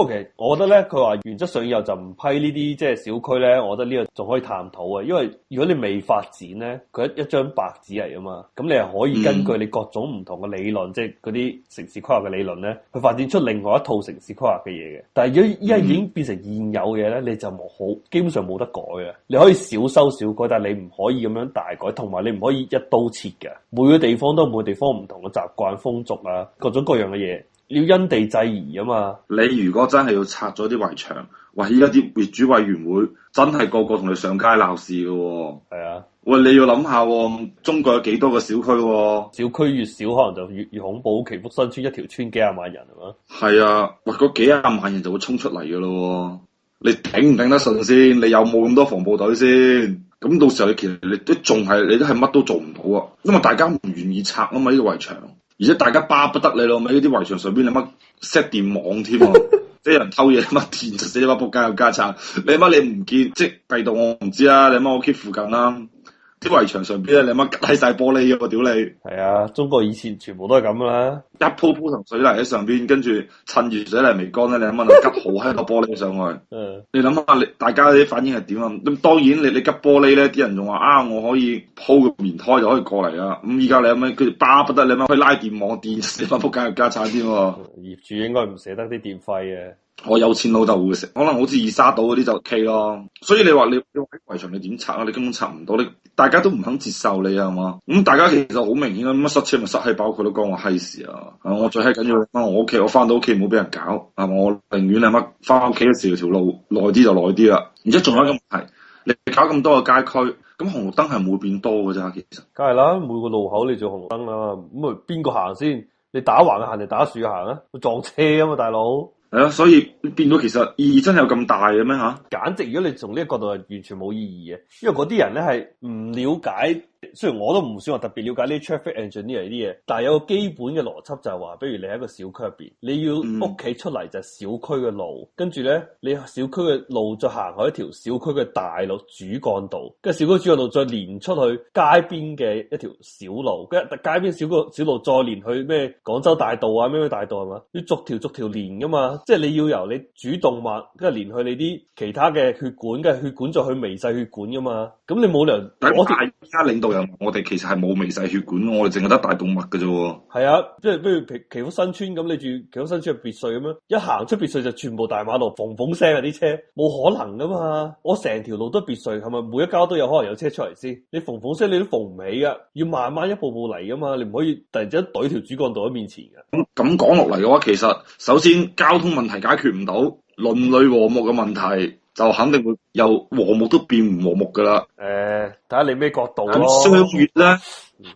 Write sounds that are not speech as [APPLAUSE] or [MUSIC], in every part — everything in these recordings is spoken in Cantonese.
其實、okay，我覺得咧，佢話原則上以後就唔批呢啲即係小區咧，我覺得呢個仲可以探討啊，因為如果你未發展咧，佢一一張白紙嚟啊嘛，咁你係可以根據你各種唔同嘅理論，即係嗰啲城市規劃嘅理論咧，去發展出另外一套城市規劃嘅嘢嘅。但係如果依家已經變成現有嘅嘢咧，你就冇好，基本上冇得改嘅。你可以少收少改，但係你唔可以咁樣大改，同埋你唔可以一刀切嘅。每個地方都每個地方唔同嘅習慣、風俗啊，各種各樣嘅嘢。要因地制宜啊嘛！你如果真係要拆咗啲圍牆，喂，依家啲業主委員會真係個個同你上街鬧事嘅喎，係啊！喂，你要諗下喎，中國有幾多個小區喎？小區越少，可能就越越恐怖。祈福新村一條村幾十萬人係嘛？係啊！喂，嗰幾十萬人就會衝出嚟噶咯，你頂唔頂得順先？你有冇咁多防暴隊先？咁到時候你其實你都仲係你都係乜都做唔到啊！因為大家唔願意拆啊嘛呢啲、呢個、圍牆。而且大家巴不得你老味，咪喺啲圍牆上邊、啊， [LAUGHS] 你乜 set 電網添？即係有人偷嘢，你乜電死你仆街家有家產，你乜你唔見？即係地道，我唔知啦、啊。你乜屋企附近啦、啊？啲圍牆上邊咧，你媽夾晒玻璃喎！屌你！係啊，中國以前全部都係咁啦，一鋪鋪層水泥喺上邊，跟住趁住水泥未乾咧，你媽就急好喺個玻璃上去。嗯， [LAUGHS] 你諗下，你大家啲反應係點啊？咁當然，你你夾玻璃咧，啲人仲話啊，我可以鋪個棉胎就可以過嚟啊。咁依家你阿媽佢巴不得你可以拉電網電、電死，翻撲街又加慘啲喎。業主應該唔捨得啲電費嘅。我有錢老豆會食，可能好似二沙島嗰啲就 OK 咯。所以你話你圍你圍牆你點拆啊？你根本拆唔到，你大家都唔肯接受你啊嘛。咁、嗯、大家其實好明顯咁乜塞車咪塞閪，包括都講我閪事啊，啊。我最閪緊要翻我屋企，我翻到屋企唔好俾人搞，係嘛？我寧願係乜翻屋企嘅時候條路耐啲就耐啲啦。而且仲有一個問題，你搞咁多個街區，咁、嗯、紅綠燈係唔會變多嘅咋？其實梗係啦，每個路口你做紅綠燈啊，咁啊邊個行先？你打橫行定打豎行啊？會撞車啊嘛，大佬！啊、所以變到其實意義真係有咁大嘅咩吓？啊、簡直如果你從呢個角度，係完全冇意義嘅，因為嗰啲人咧係唔了解。雖然我都唔算話特別了解呢啲 traffic engineer 呢類啲嘢，但係有個基本嘅邏輯就係話，比如你喺一個小區入邊，你要屋企出嚟就係小區嘅路，跟住咧你小區嘅路再行去一條小區嘅大路主幹道，跟住小區主幹道再連出去街邊嘅一條小路，跟住街邊小個小路再連去咩廣州大道啊咩咩大道係嘛，要逐條逐條連噶嘛，即係你要由你主動脈，跟住連去你啲其他嘅血管，跟住血管再去微細血管噶嘛。咁你冇理由。但我大家領導人，我哋的其實係冇微細血管，我哋淨係得大動脈嘅啫喎。係啊，即係譬如祈福新村咁，你住祈福新村嘅別墅咁樣，一行出別墅就全部大馬路，縫縫聲啊啲車，冇可能噶嘛。我成條路都係別墅，係咪每一家都有可能有車出嚟先？你縫縫聲你都縫唔起噶，要慢慢一步步嚟噶嘛。你唔可以突然之間懟條主幹道喺面前嘅。咁講落嚟嘅話，其實首先交通問題解決唔到，鄰里和睦嘅問題，就肯定會由和睦都變唔和睦噶啦。誒、呃，睇下你咩角度咁、嗯、商業咧，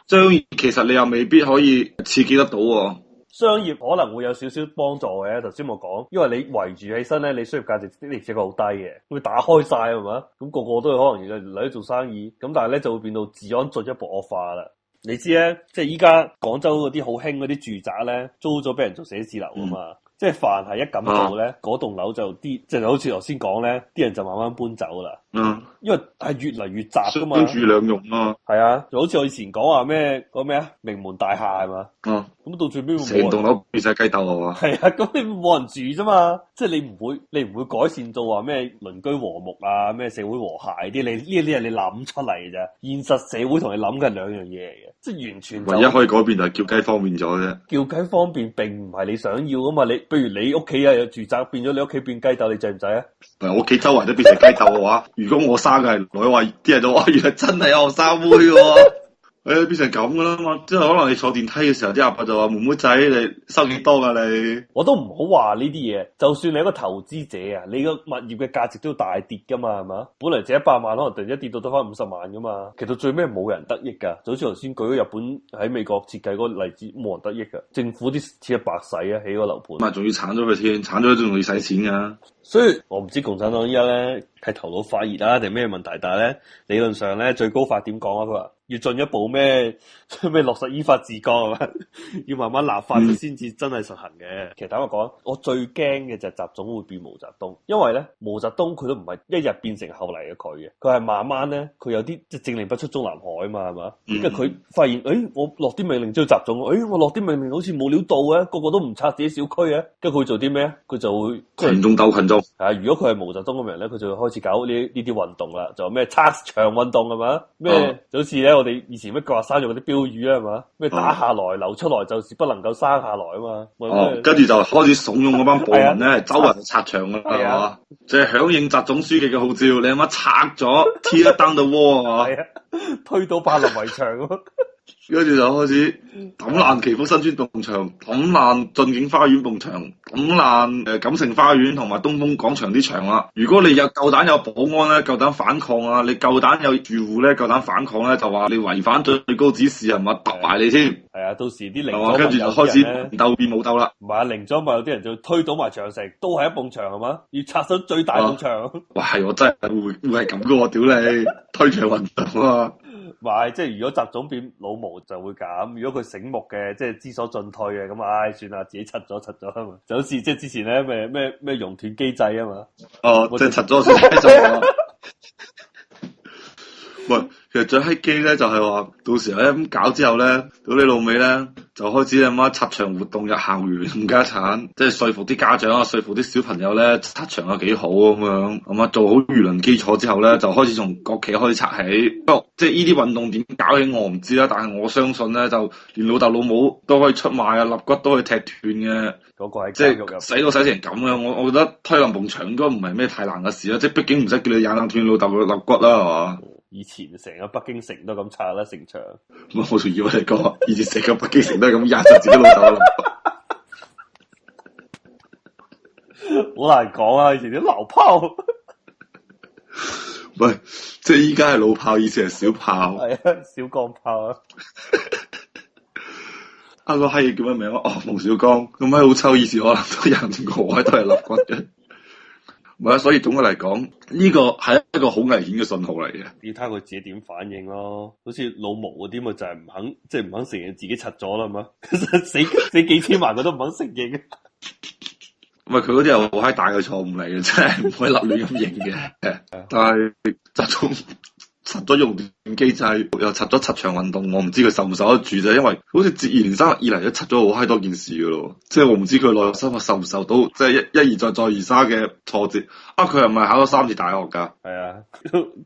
商業其實你又未必可以刺激得到、哦。商業可能會有少少幫助嘅，頭先我講，因為你圍住起身咧，你商業價值的而且確好低嘅，會打開晒係嘛？咁，那個個都可能而家留做生意，咁但係咧就會變到治安進一步惡化啦。你知咧，即係依家廣州嗰啲好興嗰啲住宅咧，租咗俾人做寫字樓啊嘛。嗯即係凡係一咁做咧，棟樓、啊、就啲，即係好似頭先講咧，啲人就慢慢搬走啦。嗯，因為係越嚟越雜噶嘛，一住兩用咯，係啊，就好似我以前講話咩個咩啊，名門大廈係、啊、嘛，咁到最尾成棟樓變晒雞竇係嘛，係啊，咁你冇人住啫嘛，即係你唔會你唔會改善到話咩鄰居和睦啊，咩社會和諧啲，你呢啲係你諗出嚟嘅啫，現實社會同你諗嘅兩樣嘢嚟嘅，即係完全、就是、唯一可以改變就係叫雞方便咗啫，叫雞方便並唔係你想要噶嘛，你，不如你屋企啊有住宅變咗你屋企變雞竇，你制唔制啊？但係屋企周圍都變成雞竇嘅話， [LAUGHS] 如果我生嘅係女嘅話，啲人都話：原來真係有生妹。 [LAUGHS] 誒，變成咁噶啦嘛，即係可能你坐電梯嘅時候，啲阿伯就話妹妹仔，你收幾多噶你？我都唔好話呢啲嘢，就算你係一個投資者啊，你個物業嘅價值都要大跌噶嘛，係嘛？本嚟借一百萬，可能突然一跌到得返五十萬噶嘛，其實最尾冇人得益噶，就好似頭先舉咗日本喺美國設計嗰個例子，冇人得益噶，政府啲錢白使啊，起個樓盤。唔係，仲要鏟咗佢先，鏟咗仲要使錢噶。所以，我唔知共產黨依家咧係頭腦發熱啦、啊，定咩問題，但係咧理論上咧最高法點講啊？佢話。要進一步咩？咩落實依法治國係嘛？ [LAUGHS] 要慢慢立法先至真係實行嘅。嗯、其實坦白講，我最驚嘅就係習總會變毛澤東，因為咧毛澤東佢都唔係一日變成後嚟嘅佢嘅，佢係慢慢咧佢有啲即係政令不出中南海啊嘛係嘛，跟住佢發現誒、哎、我落啲命令即係習總，誒、哎、我落啲命令好似冇料到啊，個個都唔拆自己小區啊，跟住佢會做啲咩啊？佢就會群眾鬥群眾。係如果佢係毛澤東咁樣咧，佢就會開始搞呢呢啲運動啦，就咩拆牆運動係嘛？咩就好似咧。嗯我哋以前乜個話刪咗嗰啲標語啊，係嘛？咩打下來、啊、流出來就是不能夠生下來啊嘛。跟住、啊、就開始慫恿嗰班部門咧，周圍拆牆啦，係嘛 [LAUGHS] 吧？即係響應習總書記嘅號召，你乜拆咗 tear down the wall 啊？係啊，推倒柏林圍牆咯。 [LAUGHS] 跟住就開始抌爛祈福新村埲牆，抌爛駿景花園埲牆，抌爛誒錦城花園同埋東風廣場啲牆啦。如果你有夠膽有保安咧，夠膽反抗啊！你夠膽有住戶咧，夠膽反抗咧，就話你違反最最高指示係咪，揼埋你先。係啊，到時啲零，跟住就開始鬥變冇鬥啦。唔係啊，零咗咪有啲人就推倒埋牆石，都係一埲牆係嘛，要拆到最大埲牆啊。哇，係我真係會會係咁噶喎，屌你，推牆運動啊！買，即係如果習總變老毛就會減，如果佢醒目嘅，即係知所進退嘅，咁唉、哎、算啦，自己柒咗柒咗啊嘛，就好似即係之前咧咩咩咩熔斷機制啊嘛，哦，我哋柒咗先。其實最閪機咧就係、是、話，到時候咧咁搞之後咧，到你老尾咧就開始阿媽拆牆活動入校園，冚家鏟即係說服啲家長啊，說服啲小朋友咧拆牆又幾好咁樣，咁啊做好輿論基礎之後咧，就開始從國企開始拆起。即係呢啲運動點搞起我唔知啦，但係我相信咧，就連老豆老母都可以出賣啊，肋骨都可以踢斷嘅。嗰個即係是使到使成咁嘅，我我覺得推兩埲牆都唔係咩太難嘅事啦。即係畢竟唔使叫你踹兩斷老豆嘅肋骨啦，係嘛？以前成個北京城都咁拆啦城牆，我仲以為你講以前成個北京城都係咁壓實自己老豆好難講啊！以前啲流炮，喂，即係依家係老炮，以前係小炮，係啊小鋼炮啊！阿個閪叫咩名啊？哦，馮小剛咁閪好抽，以前可能都認過，都係立骨嘅。 [LAUGHS] 咪啦，所以總嘅嚟講，呢個係一個好危險嘅信號嚟嘅。要睇下佢自己點反應咯。好似老毛嗰啲咪就係、是、唔肯，即係唔肯承認自己柒咗啦嘛。 [LAUGHS] 死死幾千萬佢都唔肯承認。唔係佢嗰啲係好閪大嘅錯誤嚟嘅，真係唔可以立亂咁認嘅。 [LAUGHS] [LAUGHS] 但係集中柒咗用。機制又插咗插場運動，我唔知佢受唔受得住啫。因為好似截然三日以嚟都插咗好嗨多件事噶咯，即係我唔知佢內心係受唔受到，即係一一而再再而三嘅挫折。啊，佢又唔係考咗三次大學噶，係啊，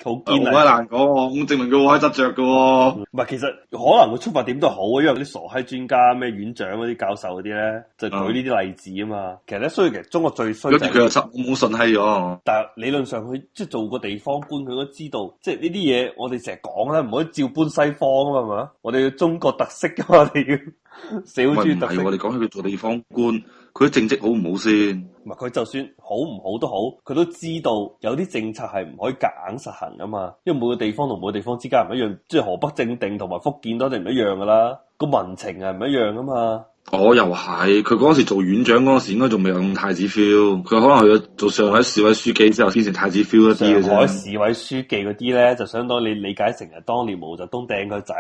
好堅、嗯、難講、嗯，我證明佢好嗨執着噶。唔係、嗯，其實可能佢出發點都係好，因為啲傻閪專家、咩院長嗰啲教授嗰啲咧，就舉呢啲例子啊嘛。其實咧，雖然其實中國最衰、就是，有啲佢又插冇信。閪咗。但係理論上，佢即係做個地方官，佢都知道，即係呢啲嘢，我哋成日講啦，唔可以照搬西方啊嘛！我哋要中國特色噶嘛，我哋要 [LAUGHS] 社會主義特色。唔係我哋講起佢做地方官，佢啲政績好唔好先？唔係佢就算好唔好都好，佢都知道有啲政策係唔可以夾硬實行啊嘛。因為每個地方同每個地方之間唔一樣，即係河北正定同埋福建都一定唔一樣噶啦，個民情係唔一樣啊嘛。我、哦、又係，佢嗰時做院長嗰時應該仲未有太子 feel，佢可能去咗做上海市委書記之後先成太子 feel 一啲上海市委書記嗰啲咧，就相當你理解成係當年毛澤東掟佢仔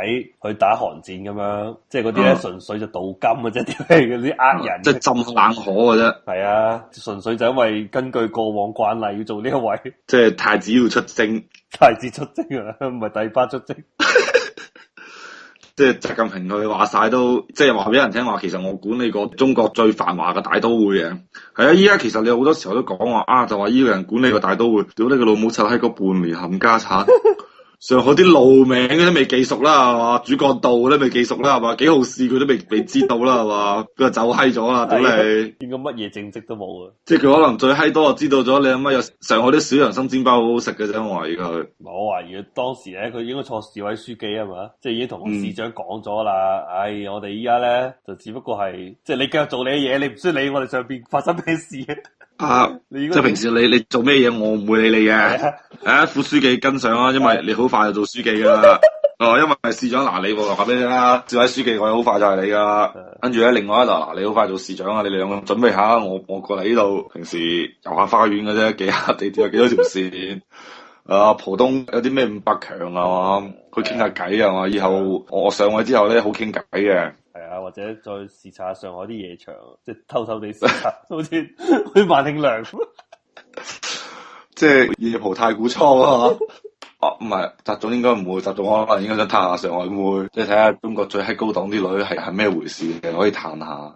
去打韓戰咁樣，即係嗰啲咧純粹就鍍金嘅啫，啲咩嗰啲呃人，即係浸冷河嘅啫。係啊，純粹就因為根據過往慣例要做呢一位，即係太子要出征，太子出征啊，唔係第八出征。 [LAUGHS] 即係習近平佢話晒都，即係話俾人聽話。其實我管理過中國最繁華嘅大都會嘅，係啊！依家其實你好多時候都講話啊，就話依個人管理個大都會屌你個老母臭閪個半年冚家鏟。 [LAUGHS] 上海啲路名都未記熟啦，係嘛？主角道都未記熟啦，係嘛？幾號市佢都未未知道啦，係嘛？佢 [LAUGHS] 就走閪咗啦，屌你！連個乜嘢政績都冇嘅，即係佢可能最閪多就知道咗你阿乜有上海啲小洋生煎包好好食嘅啫，我懷疑佢。我懷疑當時咧，佢應該做市委書記，係嘛？即係已經同市長講咗啦。唉、嗯哎，我哋依家咧就只不過係，即、就、係、是、你繼續做你嘅嘢，你唔需要理我哋上邊發生咩事、啊啊！即係平時你你做咩嘢，我唔會理你嘅。誒、啊啊，副書記跟上啊，因為你好快就做書記噶啦。哦、 [LAUGHS] 啊，因為係市長拿，嗱你我話俾你聽啦，市委書記我好快就係你噶。跟住咧，另外一度嗱，你好快做市長啊，你哋兩個準備下，我我過嚟呢度。平時遊下花園嘅啫，記下地鐵有幾多條線。啊，浦東有啲咩五百強啊嘛，去傾下偈啊嘛。以後我上位之後咧，好傾偈嘅。或者再視察下上海啲夜場，即係偷偷哋視察， [LAUGHS] 好似去萬慶良，即係夜蒲太古倉啊！哦， [LAUGHS] 唔、啊、係，習總應該唔會，習總可能應該想探下上海妹，即係睇下中國最閪高檔啲女係係咩回事，其實可以探下。